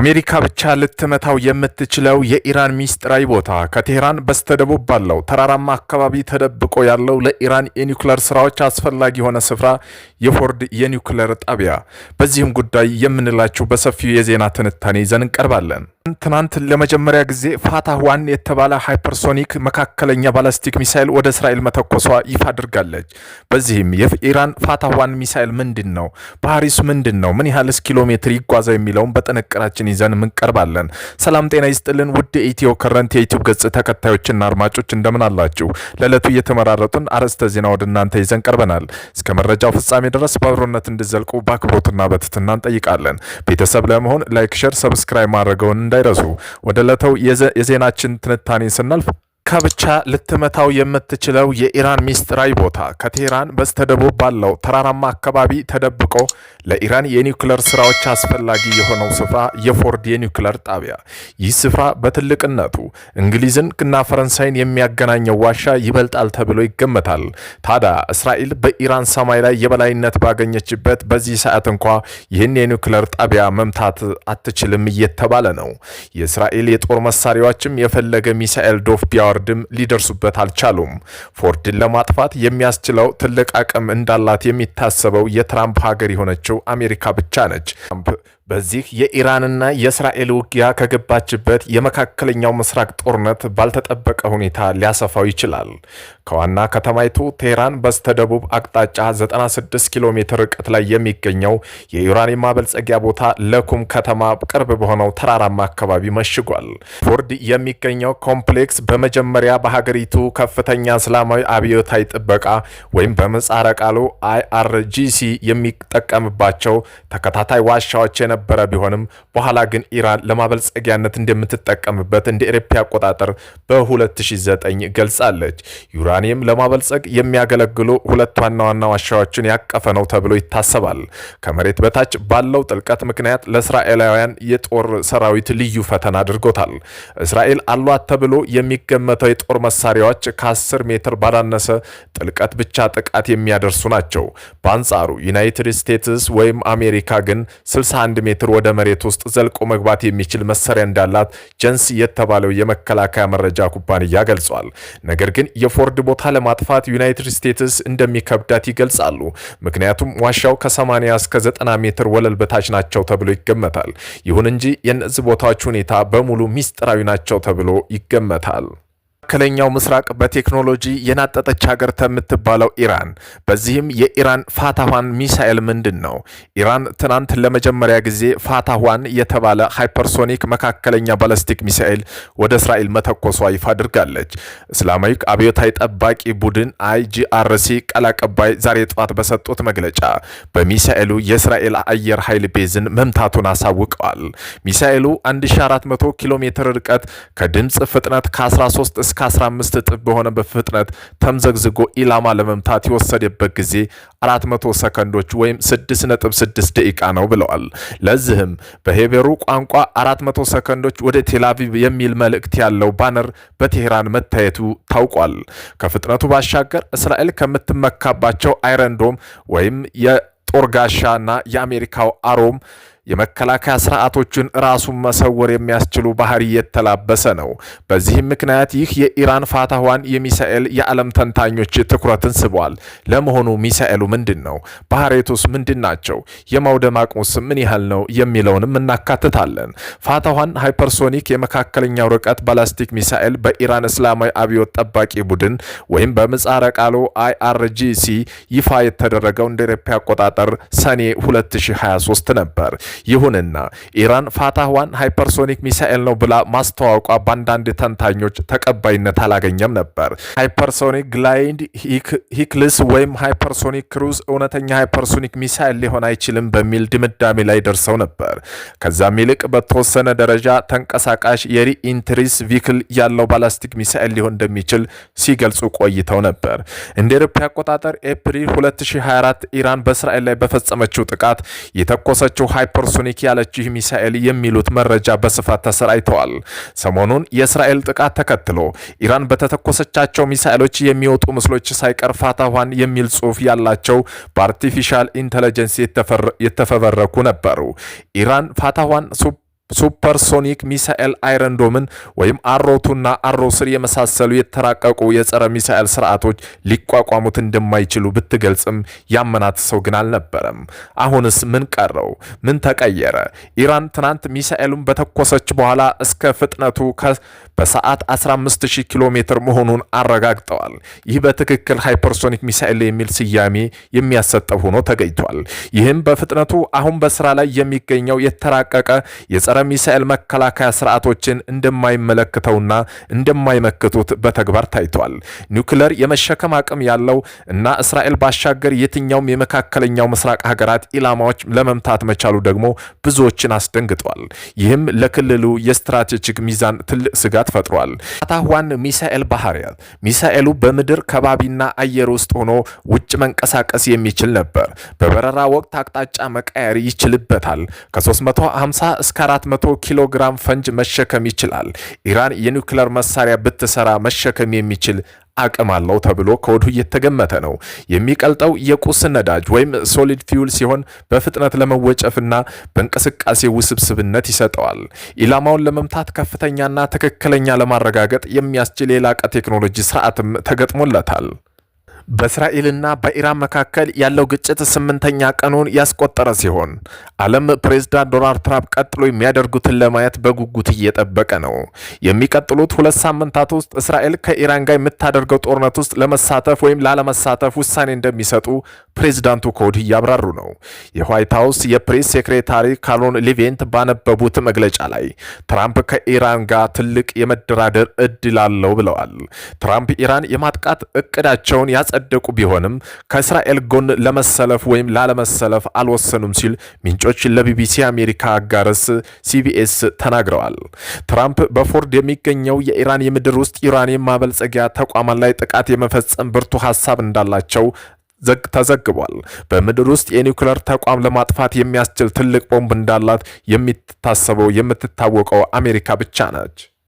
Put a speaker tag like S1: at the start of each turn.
S1: አሜሪካ ብቻ ልትመታው የምትችለው የኢራን ሚስጥራዊ ቦታ ከቴህራን በስተደቡብ ባለው ተራራማ አካባቢ ተደብቆ ያለው ለኢራን የኒውክለር ስራዎች አስፈላጊ የሆነ ስፍራ የፎርድ የኒውክለር ጣቢያ። በዚህም ጉዳይ የምንላችሁ በሰፊው የዜና ትንታኔ ይዘን እንቀርባለን። ትናንት ለመጀመሪያ ጊዜ ፋታህ ዋን የተባለ ሃይፐርሶኒክ መካከለኛ ባላስቲክ ሚሳይል ወደ እስራኤል መተኮሷ ይፋ አድርጋለች። በዚህም የኢራን ፋታህ ዋን ሚሳይል ምንድን ነው፣ ባህሪስ ምንድን ነው፣ ምን ያህልስ ኪሎ ሜትር ይጓዛ የሚለውን በጥንቅራችን ይዘን እንቀርባለን። ሰላም ጤና ይስጥልን ውድ የኢትዮ ከረንት የዩቲዩብ ገጽ ተከታዮችና አድማጮች እንደምን አላችሁ? ለዕለቱ እየተመራረጡን አርዕስተ ዜና ወደ እናንተ ይዘን ቀርበናል። እስከ መረጃው ፍጻሜ ድረስ በአብሮነት እንዲዘልቁ በአክብሮትና በትትና እንጠይቃለን። ቤተሰብ ለመሆን ላይክ፣ ሸር፣ ሰብስክራይብ ማድረገውን እንዳይረሱ። ወደ ዕለተው የዜናችን ትንታኔ ስናልፍ ከብቻ ብቻ ልትመታው የምትችለው የኢራን ሚስጥራዊ ቦታ ከቴህራን በስተደቡብ ባለው ተራራማ አካባቢ ተደብቆ ለኢራን የኒውክለር ስራዎች አስፈላጊ የሆነው ስፍራ የፎርድ የኒውክለር ጣቢያ። ይህ ስፍራ በትልቅነቱ እንግሊዝን እና ፈረንሳይን የሚያገናኘው ዋሻ ይበልጣል ተብሎ ይገመታል። ታዲያ እስራኤል በኢራን ሰማይ ላይ የበላይነት ባገኘችበት በዚህ ሰዓት እንኳ ይህን የኒውክለር ጣቢያ መምታት አትችልም እየተባለ ነው። የእስራኤል የጦር መሳሪያዎችም የፈለገ ሚሳኤል ዶፍ ቢያወር ፎርድም ሊደርሱበት አልቻሉም። ፎርድን ለማጥፋት የሚያስችለው ትልቅ አቅም እንዳላት የሚታሰበው የትራምፕ ሀገር የሆነችው አሜሪካ ብቻ ነች። በዚህ የኢራንና የእስራኤል ውጊያ ከገባችበት የመካከለኛው ምስራቅ ጦርነት ባልተጠበቀ ሁኔታ ሊያሰፋው ይችላል። ከዋና ከተማይቱ ቴህራን በስተደቡብ አቅጣጫ 96 ኪሎ ሜትር ርቀት ላይ የሚገኘው የዩራኒየም ማበልጸጊያ ቦታ ለኩም ከተማ ቅርብ በሆነው ተራራማ አካባቢ መሽጓል። ፎርድ የሚገኘው ኮምፕሌክስ በመጀመሪያ በሀገሪቱ ከፍተኛ እስላማዊ አብዮታዊ ጥበቃ ወይም በምህጻረ ቃሉ አይአርጂሲ የሚጠቀምባቸው ተከታታይ ዋሻዎች የነበ የነበረ ቢሆንም በኋላ ግን ኢራን ለማበልጸጊያነት እንደምትጠቀምበት እንደ ኤሮፓ አቆጣጠር በ2009 ገልጻለች። ዩራኒየም ለማበልጸግ የሚያገለግሉ ሁለት ዋና ዋና ዋሻዎችን ያቀፈ ነው ተብሎ ይታሰባል። ከመሬት በታች ባለው ጥልቀት ምክንያት ለእስራኤላውያን የጦር ሰራዊት ልዩ ፈተና አድርጎታል። እስራኤል አሏት ተብሎ የሚገመተው የጦር መሳሪያዎች ከ10 ሜትር ባላነሰ ጥልቀት ብቻ ጥቃት የሚያደርሱ ናቸው። በአንጻሩ ዩናይትድ ስቴትስ ወይም አሜሪካ ግን 61 ሜትር ወደ መሬት ውስጥ ዘልቆ መግባት የሚችል መሳሪያ እንዳላት ጀንስ የተባለው የመከላከያ መረጃ ኩባንያ ገልጿል። ነገር ግን የፎርድ ቦታ ለማጥፋት ዩናይትድ ስቴትስ እንደሚከብዳት ይገልጻሉ። ምክንያቱም ዋሻው ከ80 እስከ 90 ሜትር ወለል በታች ናቸው ተብሎ ይገመታል። ይሁን እንጂ የእነዚህ ቦታዎች ሁኔታ በሙሉ ሚስጥራዊ ናቸው ተብሎ ይገመታል። መካከለኛው ምስራቅ በቴክኖሎጂ የናጠጠች ሀገር ከምትባለው ኢራን በዚህም የኢራን ፋታዋን ሚሳኤል ምንድን ነው? ኢራን ትናንት ለመጀመሪያ ጊዜ ፋታዋን የተባለ ሃይፐርሶኒክ መካከለኛ ባለስቲክ ሚሳኤል ወደ እስራኤል መተኮሷ ይፋ አድርጋለች። እስላማዊ አብዮታዊ ጠባቂ ቡድን አይጂአርሲ ቃል አቀባይ ዛሬ ጠዋት በሰጡት መግለጫ በሚሳኤሉ የእስራኤል አየር ኃይል ቤዝን መምታቱን አሳውቀዋል። ሚሳኤሉ 1400 ኪሎ ሜትር ርቀት ከድምፅ ፍጥነት ከ13 እስከ እስከ 15 እጥፍ በሆነ በፍጥነት ተምዘግዝጎ ኢላማ ለመምታት የወሰደበት ጊዜ 400 ሰከንዶች ወይም 6.6 ደቂቃ ነው ብለዋል። ለዚህም በሄቤሩ ቋንቋ 400 ሰከንዶች ወደ ቴላቪቭ የሚል መልእክት ያለው ባነር በቴሄራን መታየቱ ታውቋል። ከፍጥነቱ ባሻገር እስራኤል ከምትመካባቸው አይረንዶም ወይም የጦር እና የአሜሪካው አሮም የመከላከያ ስርዓቶችን ራሱን መሰወር የሚያስችሉ ባህሪ የተላበሰ ነው። በዚህም ምክንያት ይህ የኢራን ፋታዋን የሚሳኤል የዓለም ተንታኞች ትኩረትን ስቧል። ለመሆኑ ሚሳኤሉ ምንድን ነው? ባህሬቱስ ምንድን ናቸው? የማውደም አቅሙስ ምን ያህል ነው? የሚለውንም እናካትታለን። ፋታዋን ሃይፐርሶኒክ የመካከለኛው ርቀት ባላስቲክ ሚሳኤል በኢራን እስላማዊ አብዮት ጠባቂ ቡድን ወይም በምጻረ ቃሉ አይአርጂሲ ይፋ የተደረገው እንደ አውሮፓ አቆጣጠር ሰኔ 2023 ነበር። ይሁንና ኢራን ፋታህዋን ሃይፐርሶኒክ ሚሳኤል ነው ብላ ማስተዋወቋ በአንዳንድ ተንታኞች ተቀባይነት አላገኘም ነበር። ሃይፐርሶኒክ ግላይድ ሂክልስ ወይም ሃይፐርሶኒክ ክሩዝ እውነተኛ ሃይፐርሶኒክ ሚሳኤል ሊሆን አይችልም በሚል ድምዳሜ ላይ ደርሰው ነበር። ከዛም ይልቅ በተወሰነ ደረጃ ተንቀሳቃሽ የሪኢንትሪስ ቪክል ያለው ባላስቲክ ሚሳኤል ሊሆን እንደሚችል ሲገልጹ ቆይተው ነበር። እንደ ኤሮፓ አቆጣጠር ኤፕሪል 2024 ኢራን በእስራኤል ላይ በፈጸመችው ጥቃት የተኮሰችው ሃይፐ ሃይፐርሶኒክ ያለችህ ይህ ሚሳኤል የሚሉት መረጃ በስፋት ተሰራይተዋል። ሰሞኑን የእስራኤል ጥቃት ተከትሎ ኢራን በተተኮሰቻቸው ሚሳኤሎች የሚወጡ ምስሎች ሳይቀር ፋታኋን የሚል ጽሑፍ ያላቸው በአርቲፊሻል ኢንተለጀንስ የተፈበረኩ ነበሩ። ኢራን ፋታኋን ሱፐርሶኒክ ሚሳኤል አይረንዶምን ወይም አሮቱና አሮ ስር የመሳሰሉ የተራቀቁ የጸረ ሚሳኤል ስርዓቶች ሊቋቋሙት እንደማይችሉ ብትገልጽም ያመናት ሰው ግን አልነበረም። አሁንስ ምን ቀረው? ምን ተቀየረ? ኢራን ትናንት ሚሳኤሉን በተኮሰች በኋላ እስከ ፍጥነቱ በሰዓት 150 ኪሎ ሜትር መሆኑን አረጋግጠዋል። ይህ በትክክል ሃይፐርሶኒክ ሚሳኤል የሚል ስያሜ የሚያሰጠው ሆኖ ተገኝቷል። ይህም በፍጥነቱ አሁን በስራ ላይ የሚገኘው የተራቀቀ የጸረ ጸረ ሚሳኤል መከላከያ ስርዓቶችን እንደማይመለክተውና እንደማይመክቱት በተግባር ታይቷል። ኒውክለር የመሸከም አቅም ያለው እና እስራኤል ባሻገር የትኛውም የመካከለኛው ምስራቅ ሀገራት ኢላማዎች ለመምታት መቻሉ ደግሞ ብዙዎችን አስደንግጧል። ይህም ለክልሉ የስትራቴጂክ ሚዛን ትልቅ ስጋት ፈጥሯል። አታህዋን ሚሳኤል ባህሪያት ሚሳኤሉ በምድር ከባቢና አየር ውስጥ ሆኖ ውጭ መንቀሳቀስ የሚችል ነበር። በበረራ ወቅት አቅጣጫ መቀየር ይችልበታል ከ350 እስከ 400 ኪሎ ግራም ፈንጅ መሸከም ይችላል። ኢራን የኒውክለር መሳሪያ ብትሰራ መሸከም የሚችል አቅም አለው ተብሎ ከወዲሁ እየተገመተ ነው። የሚቀልጠው የቁስ ነዳጅ ወይም ሶሊድ ፊውል ሲሆን በፍጥነት ለመወጨፍና በእንቅስቃሴ ውስብስብነት ይሰጠዋል። ኢላማውን ለመምታት ከፍተኛና ትክክለኛ ለማረጋገጥ የሚያስችል የላቀ ቴክኖሎጂ ስርዓትም ተገጥሞለታል። በእስራኤልና በኢራን መካከል ያለው ግጭት ስምንተኛ ቀኑን ያስቆጠረ ሲሆን ዓለም ፕሬዝዳንት ዶናልድ ትራምፕ ቀጥሎ የሚያደርጉትን ለማየት በጉጉት እየጠበቀ ነው። የሚቀጥሉት ሁለት ሳምንታት ውስጥ እስራኤል ከኢራን ጋር የምታደርገው ጦርነት ውስጥ ለመሳተፍ ወይም ላለመሳተፍ ውሳኔ እንደሚሰጡ ፕሬዝዳንቱ ከወዲህ እያብራሩ ነው። የዋይት ሀውስ የፕሬስ ሴክሬታሪ ካሎን ሊቬንት ባነበቡት መግለጫ ላይ ትራምፕ ከኢራን ጋር ትልቅ የመደራደር እድል አለው ብለዋል። ትራምፕ ኢራን የማጥቃት እቅዳቸውን ያጸ የጸደቁ ቢሆንም ከእስራኤል ጎን ለመሰለፍ ወይም ላለመሰለፍ አልወሰኑም ሲል ምንጮች ለቢቢሲ አሜሪካ አጋርስ ሲቢኤስ ተናግረዋል። ትራምፕ በፎርድ የሚገኘው የኢራን የምድር ውስጥ ዩራኒየም ማበልጸጊያ ተቋማት ላይ ጥቃት የመፈጸም ብርቱ ሀሳብ እንዳላቸው ተዘግቧል። በምድር ውስጥ የኒውክለር ተቋም ለማጥፋት የሚያስችል ትልቅ ቦምብ እንዳላት የሚታሰበው የምትታወቀው አሜሪካ ብቻ ነች።